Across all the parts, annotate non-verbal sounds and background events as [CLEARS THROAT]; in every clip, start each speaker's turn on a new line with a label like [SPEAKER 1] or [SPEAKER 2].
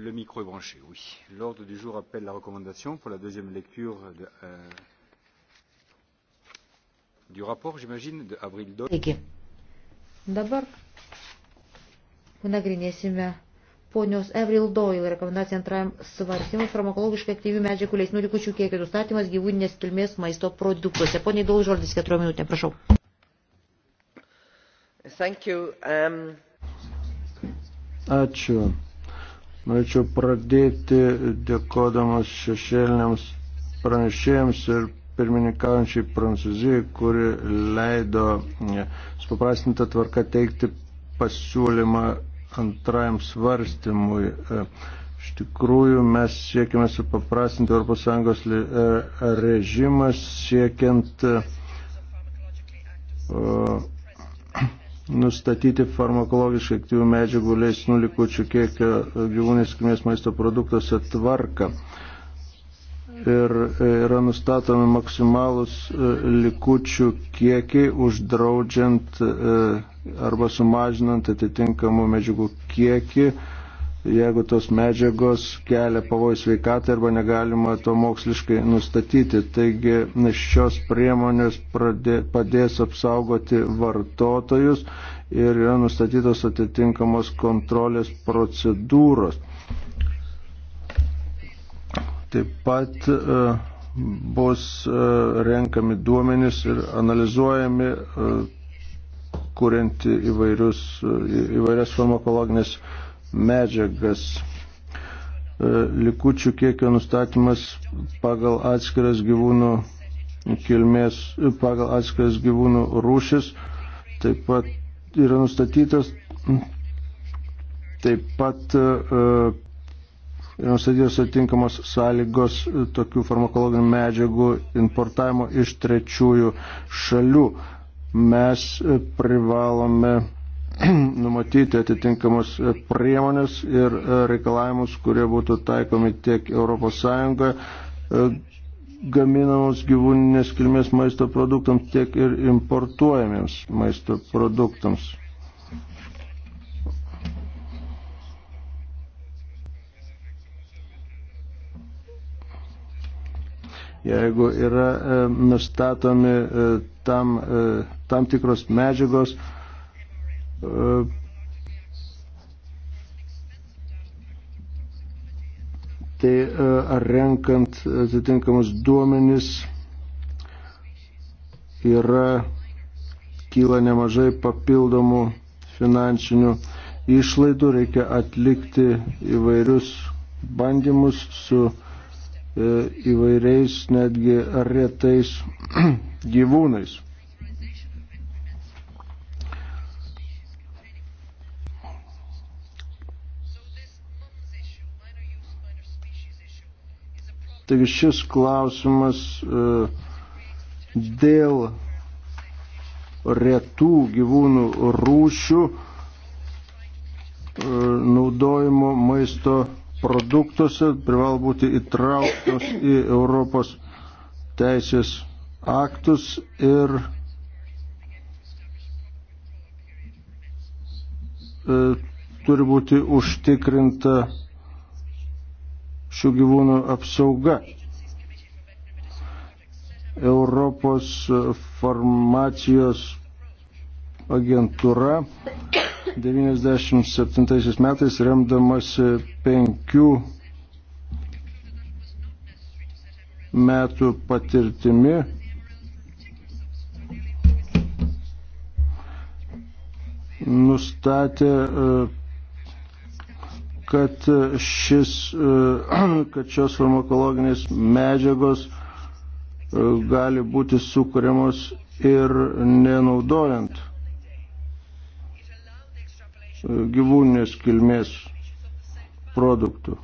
[SPEAKER 1] Le micro est branché, oui. L'ordre du jour appelle la recommandation pour la deuxième lecture de, euh, du rapport, j'imagine, de Avril Doyle. Taigi,
[SPEAKER 2] dabar nagrinėsime ponios Avril Doyle rekomendaciją antrajam svarstymui farmakologiškai aktyvių medžiagų leisnų likučių kiekio nustatymas gyvūninės kilmės maisto produktuose. Poniai Doyle, žodis keturiom minutėm, prašau.
[SPEAKER 1] Thank you. Um... Ačiū. Norėčiau pradėti dėkodamas šešėliniams pranešėjams ir pirmininkaujančiai Prancūzijai, kuri leido e, supaprastintą tvarką teikti pasiūlymą antrajam svarstymui. E, iš tikrųjų, mes siekime supaprastinti ES e, režimą, siekiant uh, nustatyti farmakologiškai aktyvių medžiagų leisnų likučių kiekio e, gyvūnės kilmės maisto produktuose tvarką. Ir e, yra nustatomi maksimalus e, likučių kiekiai, uždraudžiant arba sumažinant atitinkamų medžiagų kiekį jeigu tos medžiagos kelia pavojus sveikatai arba negalima to moksliškai nustatyti. Taigi šios priemonės pradė, padės apsaugoti vartotojus ir yra nustatytos atitinkamos kontrolės procedūros. Taip pat e, bus e, renkami duomenys ir analizuojami, e, kuriant įvairius, įvairias farmakologinės medžiagas. E, likučių kiekio nustatymas pagal atskiras gyvūnų kilmės, e, pagal atskiras gyvūnų rūšis taip pat yra nustatytas, taip pat e, yra nustatytos atitinkamos sąlygos tokių farmakologinių medžiagų importavimo iš trečiųjų šalių. Mes privalome [CLEARS THROAT] numatyti atitinkamas priemonės ir e, reikalavimus, kurie būtų taikomi tiek ES e, gaminamos gyvūninės kilmės maisto produktams, tiek ir importuojamiems maisto produktams. Jeigu yra e, nustatomi e, tam, e, tam tikros medžiagos, e, E, tai e, ar renkant atitinkamus duomenis yra kyla nemažai papildomų finansinių išlaidų, reikia atlikti įvairius bandymus su e, įvairiais netgi retais [CLEARS THROAT] gyvūnais. Taigi šis klausimas e, dėl retų gyvūnų rūšių e, naudojimo maisto produktuose privalo būti įtrauktos į Europos teisės aktus ir e, turi būti užtikrinta šių gyvūnų apsauga. Europos farmacijos agentūra 97 metais remdamasi penkių metų patirtimi nustatė e, kad, e, šis, e, [CLEARS THROAT] kad šios farmakologinės medžiagos e, gali būti sukūriamos ir nenaudojant gyvūninės kilmės produktų.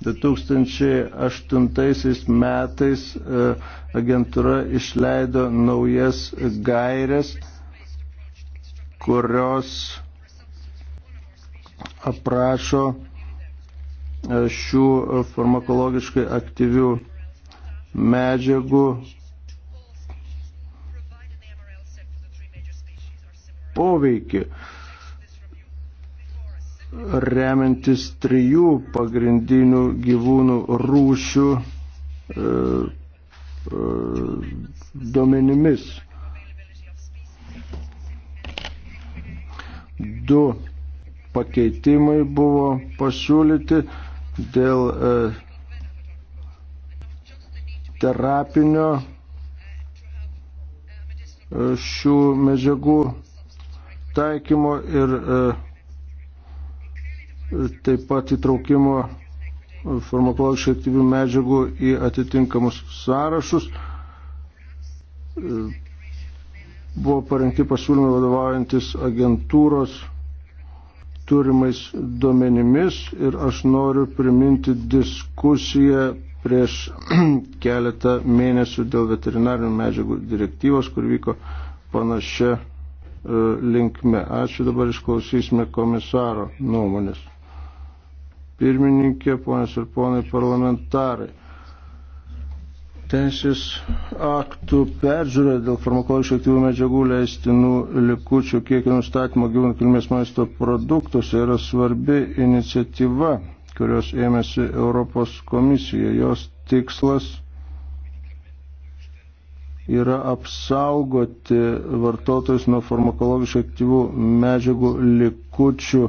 [SPEAKER 1] 2008 metais e, agentūra išleido naujas gairias, kurios aprašo e, šių farmakologiškai aktyvių medžiagų poveikį remiantis trijų pagrindinių gyvūnų rūšių e, e, duomenimis. Du pakeitimai buvo pasiūlyti dėl e, terapinio e, šių medžiagų taikymo ir e, taip pat įtraukimo farmakologiškai aktyvių medžiagų į atitinkamus sąrašus. Buvo parengti pasiūlymai vadovaujantis agentūros turimais duomenimis ir aš noriu priminti diskusiją prieš [CLEARS THROAT] keletą mėnesių dėl veterinarinių medžiagų direktyvos, kur vyko panašia e, linkme. Ačiū, dabar išklausysime komisaro nuomonės pirmininkė, ponas ir ponai parlamentarai. Teisės aktų peržiūra dėl farmakologiškai aktyvių medžiagų leistinų likučių kiekio nustatymo gyvūnų kilmės maisto produktuose yra svarbi iniciatyva, kurios ėmėsi Europos komisija. Jos tikslas yra apsaugoti vartotojus nuo farmakologiškai aktyvių medžiagų likučių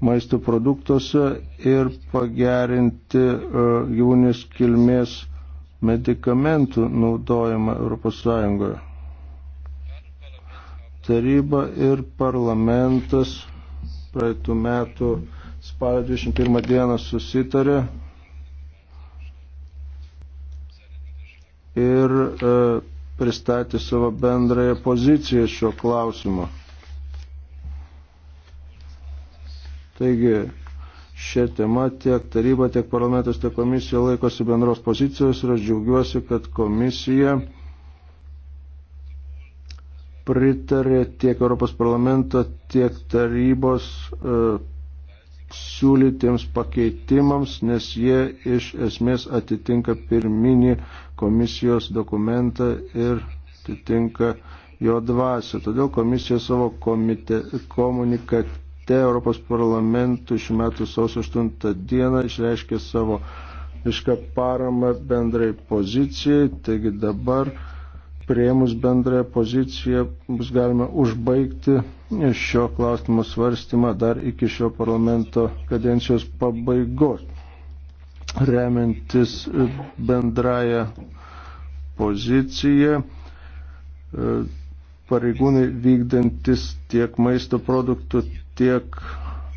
[SPEAKER 1] maisto produktuose ir pagerinti e, gyvūnės kilmės medikamentų naudojimą ES. Taryba ir parlamentas praeitų metų spalio 21 dieną susitarė ir e, pristatė savo bendrąją poziciją šio klausimo. Taigi šią temą tiek taryba, tiek parlamentas, tiek komisija laikosi bendros pozicijos ir aš džiaugiuosi, kad komisija pritarė tiek Europos parlamento, tiek tarybos uh, siūlytiems pakeitimams, nes jie iš esmės atitinka pirminį komisijos dokumentą ir atitinka jo dvasę. Todėl komisija savo komite, komunikate parlamente, Europos parlamentų šių metų sausio 8 dieną išreiškė savo išką paramą bendrai pozicijai, taigi dabar prieimus bendrąją poziciją bus galima užbaigti šio klausimo svarstymą dar iki šio parlamento kadencijos pabaigos. Remiantis bendrąją poziciją, e, pareigūnai vykdantis tiek maisto produktų, tiek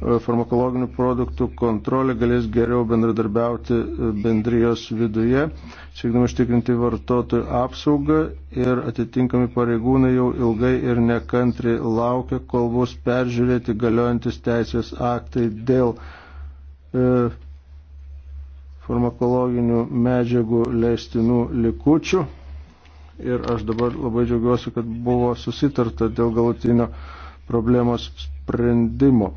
[SPEAKER 1] e, farmakologinių produktų kontrolė galės geriau bendradarbiauti e, bendrijos viduje, siekdami ištikrinti vartotojų apsaugą ir atitinkami pareigūnai jau ilgai ir nekantriai laukia, kol bus peržiūrėti galiojantis teisės aktai dėl e, farmakologinių medžiagų leistinų likučių. Ir aš dabar labai džiaugiuosi, kad buvo susitarta dėl galutinio problemos sprendimo.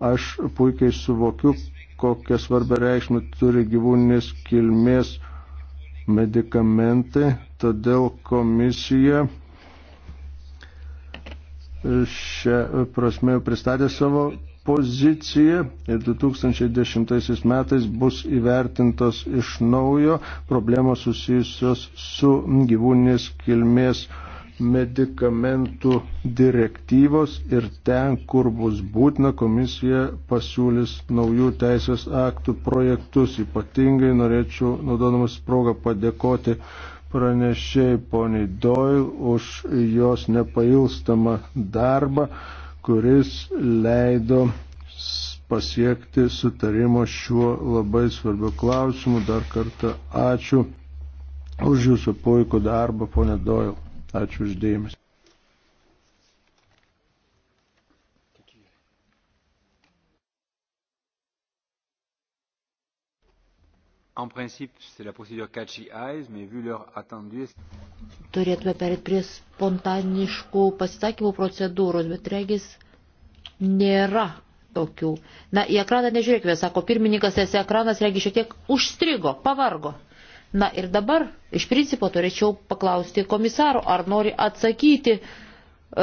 [SPEAKER 1] Aš puikiai suvokiu, kokią svarbę reikšmę turi gyvūninės kilmės medikamentai, todėl komisija e, šią prasme pristatė savo poziciją ir 2010 metais bus įvertintos iš naujo problemos susijusios su gyvūninės kilmės medikamentais medikamentų direktyvos ir ten, kur bus būtina, komisija pasiūlys naujų teisės aktų projektus. Ypatingai norėčiau, naudodamas progą, padėkoti pranešėjai poniai Doyle už jos nepailstamą darbą, kuris leido pasiekti sutarimo šiuo labai svarbiu klausimu. Dar kartą ačiū už jūsų puikų darbą, ponė Doyle. Ačiū uždėjimas.
[SPEAKER 2] En principe, c'est la procédure catchy
[SPEAKER 1] eyes, mais vu l'heure attendue...
[SPEAKER 2] Turėtume perėti prie spontaniškų pasisakymų procedūros, bet regis nėra tokių. Na, į ekraną nežiūrėkime, sako pirmininkas, esi ekranas, regis šiek tiek užstrigo, pavargo. Na ir dabar iš principo turėčiau paklausti komisaro, ar nori atsakyti e,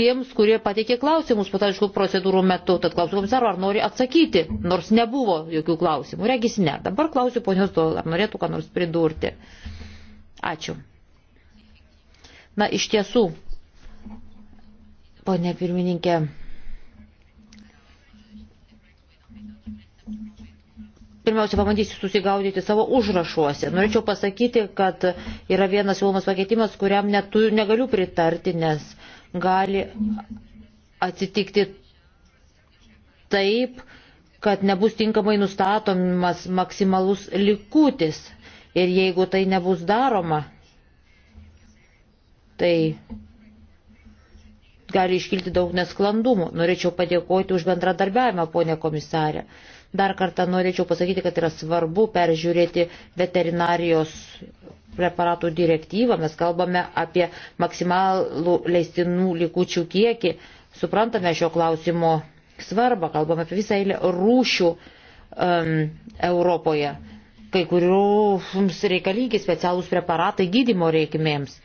[SPEAKER 2] tiems, kurie pateikė klausimus pataiškų procedūrų metu. Tad klausiu komisaro, ar nori atsakyti, nors nebuvo jokių klausimų. Regis ne. Dabar klausiu ponios, ar norėtų ką nors pridurti. Ačiū. Na iš tiesų, ponė pirmininkė. Pirmiausia, pamatysiu susigaudyti savo užrašuose. Norėčiau pasakyti, kad yra vienas siūlomas pakeitimas, kuriam netu, negaliu pritarti, nes gali atsitikti taip, kad nebus tinkamai nustatomas maksimalus likutis. Ir jeigu tai nebus daroma, tai gali iškilti daug nesklandumų. Norėčiau padėkoti už bendradarbiavimą, ponė komisarė. Dar kartą norėčiau pasakyti, kad yra svarbu peržiūrėti veterinarijos preparatų direktyvą. Mes kalbame apie maksimalų leistinų likučių kiekį. Suprantame šio klausimo svarbą, kalbame apie visą eilę rūšių um, Europoje kai kurių mums reikalingi specialūs preparatai gydimo reikmėms.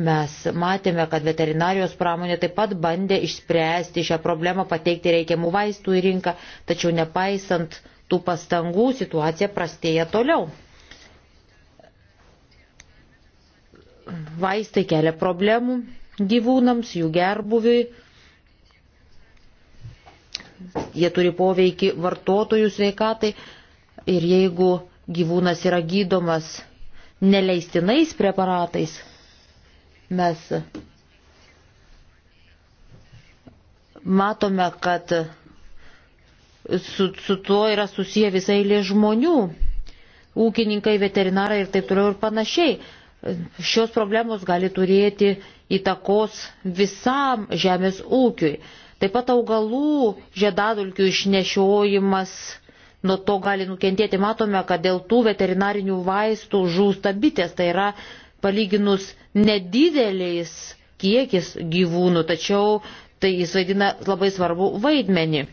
[SPEAKER 2] Mes matėme, kad veterinarijos pramonė taip pat bandė išspręsti šią problemą, pateikti reikiamų vaistų į rinką, tačiau nepaisant tų pastangų situacija prastėja toliau. Vaistai kelia problemų gyvūnams, jų gerbuviui, jie turi poveikį vartotojų sveikatai ir jeigu gyvūnas yra gydomas neleistinais preparatais, Mes matome, kad su, su tuo yra susiję visai lė žmonių, ūkininkai, veterinarai ir taip toliau ir panašiai. Šios problemos gali turėti įtakos visam žemės ūkiui. Taip pat augalų žiedadulkių išnešiojimas nuo to gali nukentėti. Matome, kad dėl tų veterinarinių vaistų žūsta bitės, tai yra palyginus nedideliais kiekis gyvūnų, tačiau tai jis vaidina labai svarbu vaidmenį.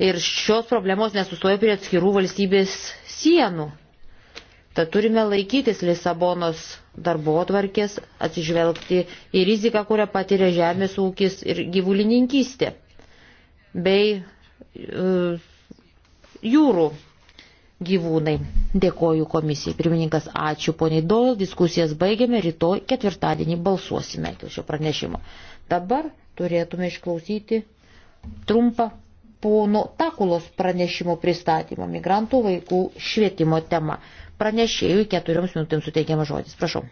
[SPEAKER 2] Ir šios problemos nesustoja prie atskirų valstybės sienų. Tad turime laikytis Lisabonos darbo atvarkės, atsižvelgti į riziką, kurią patiria žemės ūkis ir gyvulininkystė, bei e, jūrų gyvūnai. Dėkoju komisijai. Pirmininkas, ačiū poniai Dol, diskusijas baigėme, rytoj ketvirtadienį balsuosime dėl šio pranešimo. Dabar turėtume išklausyti trumpą pono Takulos pranešimo pristatymą migrantų vaikų švietimo tema. Pranešėjui keturioms minutėms suteikiamas žodis. Prašau.